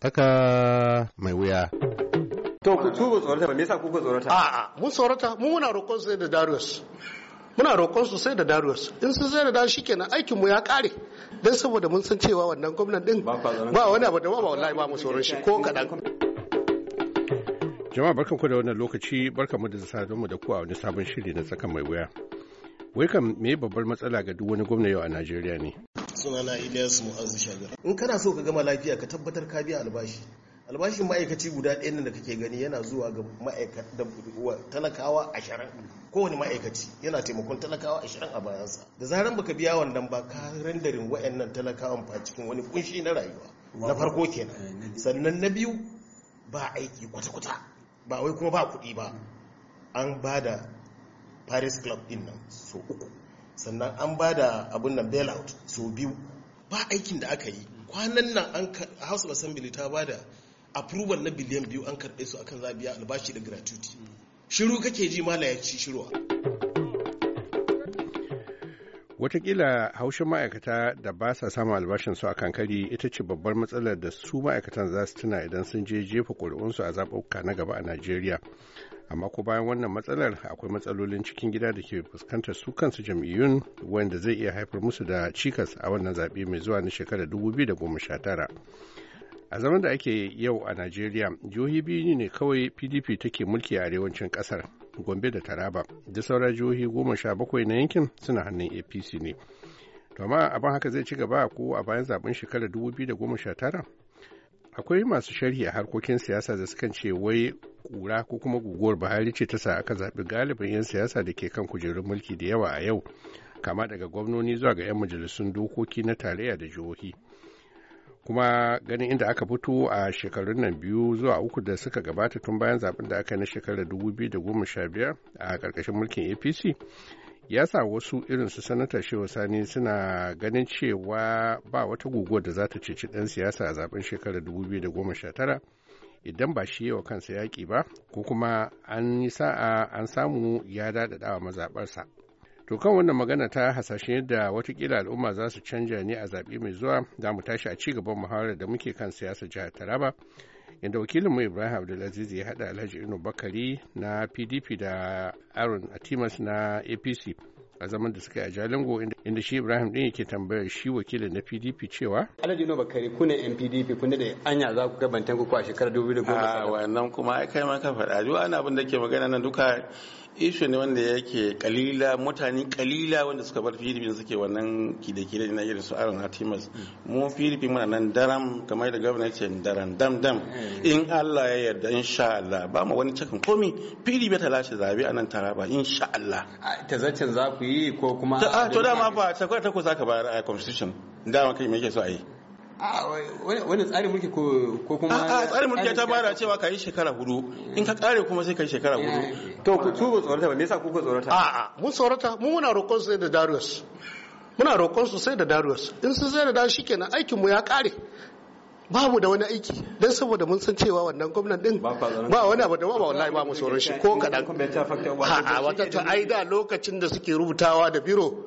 tsaka mai wuya. To ku ku tsorata ba me yasa kuka tsorata? A'a mun tsorata mu muna roƙon sai da Darius. Muna roƙon su sai da Darius. In sun sai da shi kenan aikin mu ya ƙare. Dan saboda mun san cewa wannan gwamnan din ba wani abu da ba wallahi ba mu tsoron shi ko kaɗan. Jama'a barkanku da wannan lokaci barkanmu da sadon mu da ku a wani sabon shiri na tsakan mai wuya. Wai kam me babbar matsala ga duk wani gwamna yau a Najeriya ne? sunana Ilyas Mu'azzu Shagar in kana so ka gama lafiya ka tabbatar ka biya albashi albashin ma'aikaci guda ɗaya nan da kake gani yana zuwa ga talakawa ashirin kowane ma'aikaci yana taimakon talakawa ashirin a bayansa da zaran baka biya wannan ba ka rendarin wa'annan talakawan fa cikin wani kunshi na rayuwa na farko kenan sannan na biyu ba aiki kwata-kwata ba wai kuma ba kuɗi ba an ba da paris club din nan so uku sannan an ba da abin nan bailout so biyu ba aikin da aka yi kwanan nan an house of assembly ta ba da approval na biliyan biyu an karɓe su akan zabiya albashi da gratuity shiru kake ji mala ya ci shiruwa Watakila haushin ma'aikata da ba sa samun albashin su akan kari ita ce babbar matsalar da su ma'aikatan za su tuna idan sun je jefa ƙuri'unsu a zaɓuɓɓuka na gaba a Najeriya. amma ko bayan wannan matsalar akwai matsalolin cikin gida da ke fuskantar su kansu jam'iyyun wanda zai iya haifar musu da cikas a wannan zaɓe mai zuwa na shekarar 2019 a zaman da ake yau a najeriya jihohi biyu ne kawai pdp take mulki a arewacin ƙasar gombe da taraba da sauran jihohi goma sha bakwai na yankin suna hannun apc ne to amma abin haka zai ci gaba ko a bayan zaben shekarar tara. akwai masu sharhi a harkokin siyasa da sukan ce wai kura ko kuma guguwar buhari ce ta sa aka zaɓi galibin 'yan siyasa da ke kan kujerun mulki da yawa a yau kama daga gwamnoni zuwa ga 'yan majalisun dokoki na tarayya da jihohi kuma ganin inda aka fito a shekarun nan biyu zuwa uku da suka gabata tun bayan zaben da aka yi na shekarar 2015 a ƙarƙashin mulkin apc ya sa wasu irin su sanata shehu sani suna ganin cewa ba wata guguwar da za ta ceci ɗan siyasa a zaben shekarar 2019 idan ba shi yawa kansa yaƙi ba ko kuma an yi sa'a an samu ya daɗaɗa wa mazaɓarsa to kan wannan magana ta hasashe yadda watakila al'umma za su canja ne a zaɓe mai zuwa za mu tashi a ci gaban muhawarar da muke kan siyasa jihar taraba inda wakilinmu ibrahim abdulaziz ya haɗa alhaji inu bakari na pdp da aron atimas na apc a zaman da suka yi a Jalingo inda shi Ibrahim din yake tambayar shi wakilin na PDP cewa Alhaji Nuba Kare ku ne NPDP ne da anya za ku gabantan ku a shekarar 2010 a ah, wannan kuma ai kai ma ka faɗa duk ana abin da ke magana nan duka ishu ne wanda yake kalila mutane kalila wanda suka bar filifin suke wannan kide-kide na irin su aron artemis mu filifin muna nan daram kamar da gwamna ce daram dam dam eh. in allah ya yarda insha allah ba mu wani cikin komi filifin ta lashe zabe a nan taraba insha allah ta zaccen za ku yi ko kuma to dama ba ta kwata ku za ka bayar a constitution dama kai me yake so a yi wani tsarin mulki ko kuma a tsarin mulki ta bada cewa ka yi shekara hudu in ka kare kuma sai ka yi shekara hudu eh, eh. to ku ku tsorata ba me yasa kuka tsorata a a mun tsorata mu muna roƙon sai da Darius muna roƙon su sai da Darius in sun sai da dan shikenan aikin mu ya kare babu da wani aiki don saboda mun san cewa wannan gwamnan din ba wani abu da ba wallahi ba mu tsoron shi ko kadan a wata ta aida lokacin da suke rubutawa da biro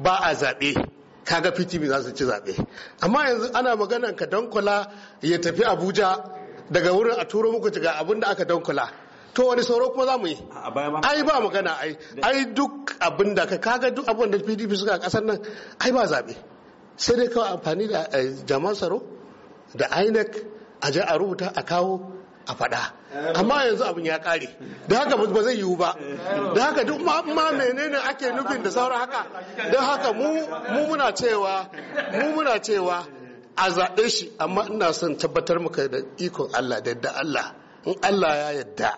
ba a zaɓe kaga fitimi za su ci zaɓe amma yanzu ana maganan ka dankula ya tafi abuja daga wurin a turo muku ga abin da aka dankula to wani sauro kuma za mu yi ai ba magana ai ai duk abin da ka kaga duk abin da pdp suka a ƙasar nan ai ba zaɓe sai dai kawai amfani da eh, jaman tsaro da inec a je a rubuta a kawo a faɗa amma yanzu abin ya ƙare da haka ba zai yiwu ba da haka duk ma menene ake nufin da sauran haka da haka mu muna cewa mu muna cewa a zaɓe shi amma ina son tabbatar muka da ikon Allah da yadda Allah in Allah ya yadda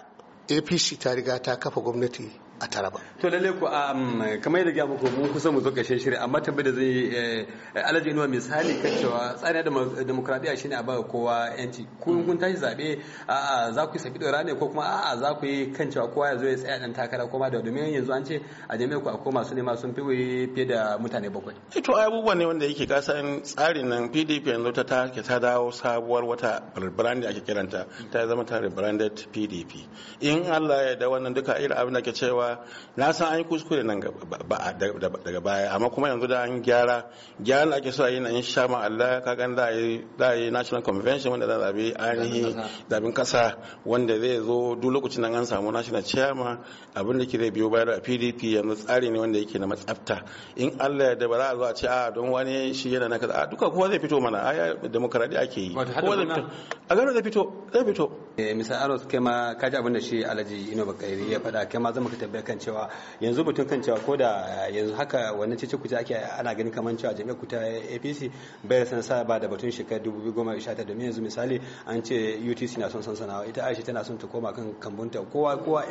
APC ta riga ta kafa gwamnati a ba. to lalle ku um, kamar yadda gaba ko mun kusa mu zo kashe shiri amma tabbai da zai eh, alaji inuwa misali kan cewa tsarin demokradiyya shine a ba kowa yanci kun kun tashi zabe a'a za ku sabi dora ne ko kuma a za ku yi kan cewa kowa ya zo ya tsaya dan takara kuma da domin yanzu an ce a jami'a ku ko masu nema sun fi fiye da mutane bakwai to abubuwa ne wanda yake kasan tsarin nan PDP yanzu ta take ta dawo sabuwar wata rebrand ake kiranta ta zama ta rebranded PDP in Allah ya da wannan duka irin abin da ke cewa na san an yi kuskure nan daga baya amma kuma yanzu da an gyara gyara ake so a yi na in sha Allah ka gan da yi national convention wanda za a ainihin zabin kasa wanda zai zo duk lokacin nan an samu national chairman abin da ke zai biyo bayar a PDP yanzu tsari ne wanda yake na matsafta in Allah ya dabara a zo a ce a don wani shi yana na kaza duka kowa zai fito mana a demokaradi ake yi kowa zai fito a gano zai fito zai fito Eh, Mr. Aros kema kaji abin da shi Alhaji Ino Bakari ya faɗa kema zama ka tabbai kan cewa yanzu mutum kan cewa ko da yanzu haka wannan cece kuce ake ana ganin kamar cewa jami'ar kuta APC bai san sa ba da batun shekarar 2019 domin yanzu misali an ce UTC na son sansana ita Aisha tana son ta koma kan kambunta kowa kowa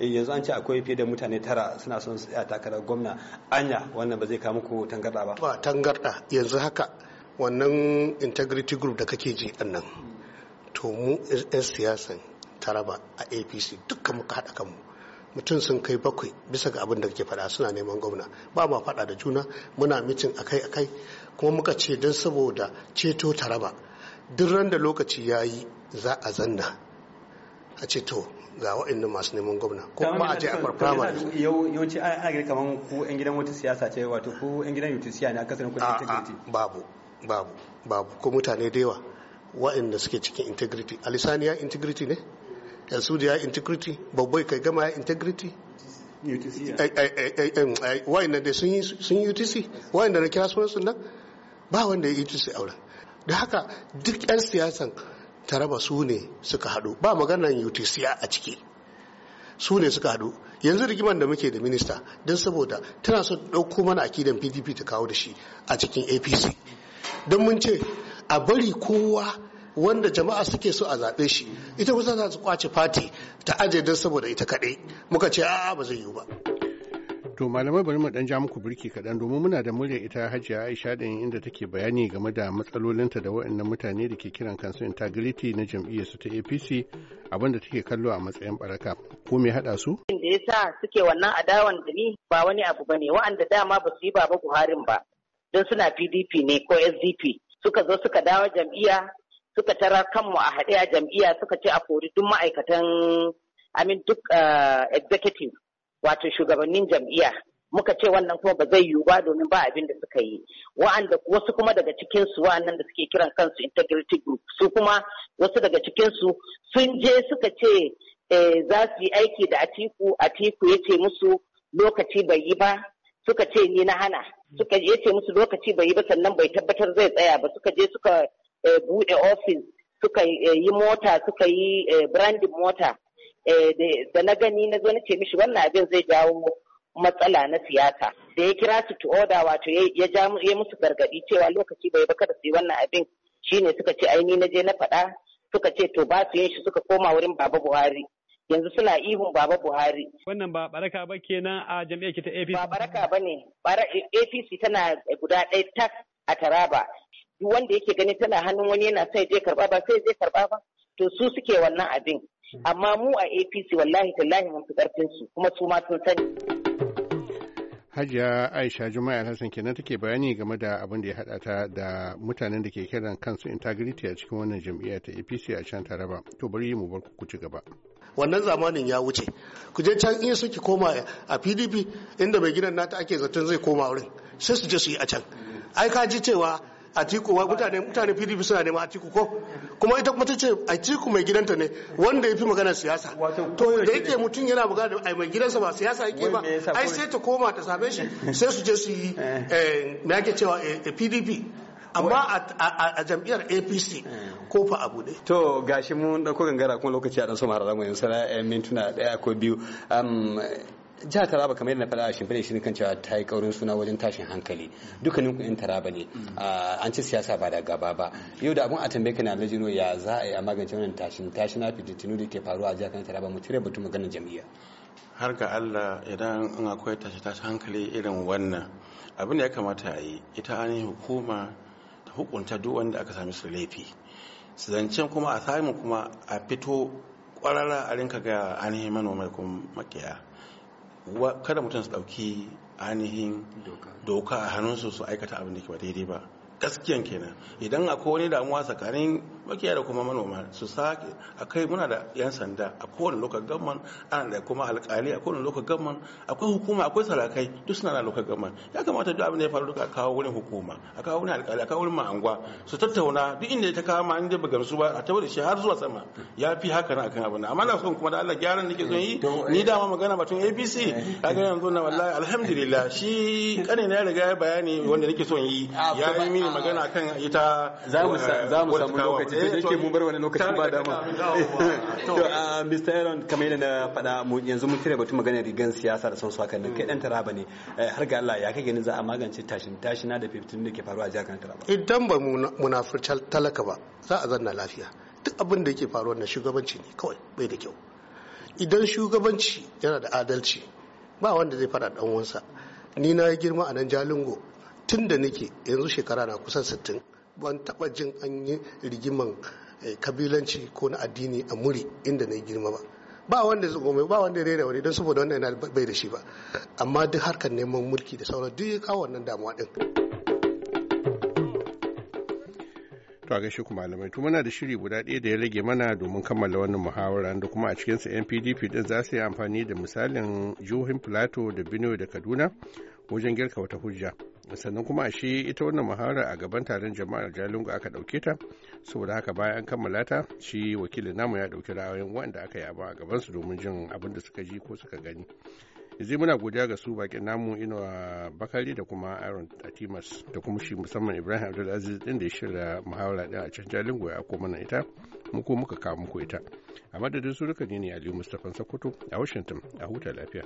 yanzu an ce akwai fiye da mutane tara suna son a takarar gwamna anya wannan ba zai kawo muku tangarda ba ba tangarda yanzu haka wannan integrity group da kake ji nan to mu 'yan siyasan taraba a apc dukkan muka haɗa kanmu mutum sun kai bakwai bisa ga abin da ke faɗa suna neman gwamna ba ma faɗa da juna muna mitin akai akai kuma muka ce don saboda ceto taraba duk ran da lokaci ya yi za a zanna a ce to ga wa'annan masu neman gwamna ko ba a je a farfama ne yawanci a gari kamar ku yan gidan wata siyasa ce wato ku yan gidan yutisiya ne a kasar kudu ta babu babu babu ko mutane da yawa waɗanda suke cikin integrity ya integrity ne ya integrity babbai kai gama ya integrity waɗanda da sun yi utc waɗanda na kira sunan sunan ba wanda ya yi utc aure. da haka duk 'yan siyasan taraba su ne suka haɗu ba maganar utc a ciki su ne suka haɗu yanzu rigiman da muke da minista don saboda tana so ɗauko mana akidan pdp ta kawo da shi a cikin apc don mun ce a bari kowa wanda jama'a suke so a zaɓe shi ita kusa za su kwace fati ta aje don saboda ita kaɗai muka ce a'a ba zai yiwu ba to malamai bari mu dan ja muku birki kaɗan domin muna da murya ita hajiya aisha ɗin inda take bayani game da matsalolinta da waɗannan mutane da ke kiran kansu integrity na su ta apc abinda take kallo a matsayin baraka ko me haɗa su da yasa suke wannan adawan da ni ba wani abu ba ne, wa'anda dama ba su yi baba buharin ba don suna pdp ne ko sdp suka zo suka dawo jam'iyya suka tarar kanmu a haɗe a jam'iyya suka ce a kori duk ma'aikatan amin duk uh, executive wato shugabannin jam'iyya muka ce wannan kuma ba zai yiwu ba domin ba abin da suka yi wa'anda wasu kuma daga cikin su wa'annan da suke kiran kansu integrity group su kuma wasu daga cikin su sun je suka ce eh, za su yi aiki da atiku atiku ya ce musu lokaci bai yi ba suka ce ni na hana suka ya ce musu lokaci bai yi ba sannan bai tabbatar zai tsaya ba suka je suka Eh, Bude ofis suka eh, yi mota suka yi eh, brandin mota da na gani na zo ce mishi wannan abin zai jawo matsala na siyasa da ya kira su to order wato ya ja musu gargadi cewa lokaci bai baka da su yi wannan abin shine suka ce aini na je na faɗa suka ce to ba su yin shi suka koma wurin baba buhari yanzu suna ihun baba buhari wannan ba baraka ba kenan a jam'iyyar ki ta apc ba baraka ba ne apc tana guda ɗaya tak a taraba duk wanda yake gani tana hannun wani yana sai zai karba ba sai zai karba ba to su suke wannan abin amma mu a APC wallahi tallahi mun fi karfin su kuma su ma sun sani Hajiya Aisha Juma'a Hassan kenan take bayani game da abin da ya haɗa ta da mutanen da ke kiran kansu integrity a cikin wannan jami'a ta APC a can Taraba. To bari mu bar ku ci gaba. Wannan zamanin ya wuce. Ku je can in suke koma a PDP inda mai gidan nata ake zaton zai koma wurin. Sai su je su yi a can. Ai ka ji cewa atiku wai mutane mutane pdp suna neman atiku ko kuma ita kuma tace atiku mai gidanta ne wanda yafi magana siyasa to da yake mutum yana magana ai mai gidansa ba siyasa yake ba ai sai ta koma ta same shi sai su je su yi eh. Eh, me ake cewa pdp eh, amma a jam'iyyar apc ko fa abu ne to gashi mun dauko gangara kuma lokaci a dan sama har zamu yin sana'a mintuna daya ko biyu jihar taraba kamar yadda na faɗa a shimfiɗe shi kan cewa ta yi ƙaurin suna wajen tashin hankali dukkanin ku taraba ne mm. ah, an ci siyasa ba da gaba ba yau da abun a tambaye ka na lajino ya za a yi a magance wannan tashin tashin na fitintinu da ke faruwa a jihar taraba mu cire batun maganar jam'iyya har ga allah idan an akwai tashi tashi hankali irin wannan abin da ya kamata a yi ita ainihin hukuma ta hukunta duk wanda aka sami su laifi su zancen kuma a samu kuma a fito kwarara a rinka ga ainihin manoma kuma makiya kada mutum su ɗauki ainihin doka a hannunsu su aikata abin da ke ba daidai ba gaskiyan kenan idan akwai wani damuwa tsakanin makiya da kuma manoma su sake akai muna da yan sanda a kowane local government ana da kuma alkali a kowane local government akwai hukuma akwai salakai duk suna da local government ya kamata duk abin da ya faru duka a kawo wurin hukuma a kawo wurin alkali a kawo wurin ma'angwa su tattauna duk inda ta kama an da bugar su ba a tabbata shi har zuwa sama ya fi haka na akan abin amma na son kuma da Allah gyaran nake son yi eh. ni ma magana batun APC eh. kaga yanzu na wallahi alhamdulillah shi kane na riga ya bayani wanda nake son yi ah, ya yi mini ah. magana akan ita za mu eh, samu lokaci sai eh, da yake mun bar wani lokacin dama to Mr. Aaron kamar na faɗa yanzu mun kire batu magana rigan siyasa da sauransu hakan nan kai dan taraba ne eh, har ga Allah ya kake ganin za a magance tashin tashina da fifitin da ke faruwa a jihar Taraba idan ba munafurcal talaka ba za a zanna lafiya duk abin da yake faruwa na shugabanci ne kawai bai da kyau idan shugabanci yana da adalci ba wanda zai fara ɗan wansa ni na girma a nan jalingo tun da nake yanzu shekara na kusan sittin ban taba jin an yi rigiman eh, kabilanci ko na addini a muri inda na girma ba ba wanda ya gome ba wanda ya rera wani don saboda wanda yana bai da shi ba amma duk harkar neman mulki da sauran duk ya kawo wannan damuwa din to a gaishe kuma malamai to muna da shiri guda ɗaya da ya rage mana domin kammala wannan muhawara da kuma a cikinsa yan pdp din za su yi amfani da misalin jihohin plateau da benue da kaduna wajen girka wata hujja sannan kuma shi ita wannan muhara a gaban taron jama'ar jalingo aka dauke ta saboda haka bayan kammala ta shi wakilin namu ya dauki ra'ayoyin wanda aka yaba a gaban su domin jin abin da suka ji ko suka gani yanzu muna godiya ga su bakin namu inuwa bakari da kuma aaron atimas da kuma shi musamman ibrahim abdulaziz din da ya shirya muhawara din a can jalingo ya koma na ita mu muka kawo muku ita a madadin su duka ne aliyu mustapha sokoto a washington a huta lafiya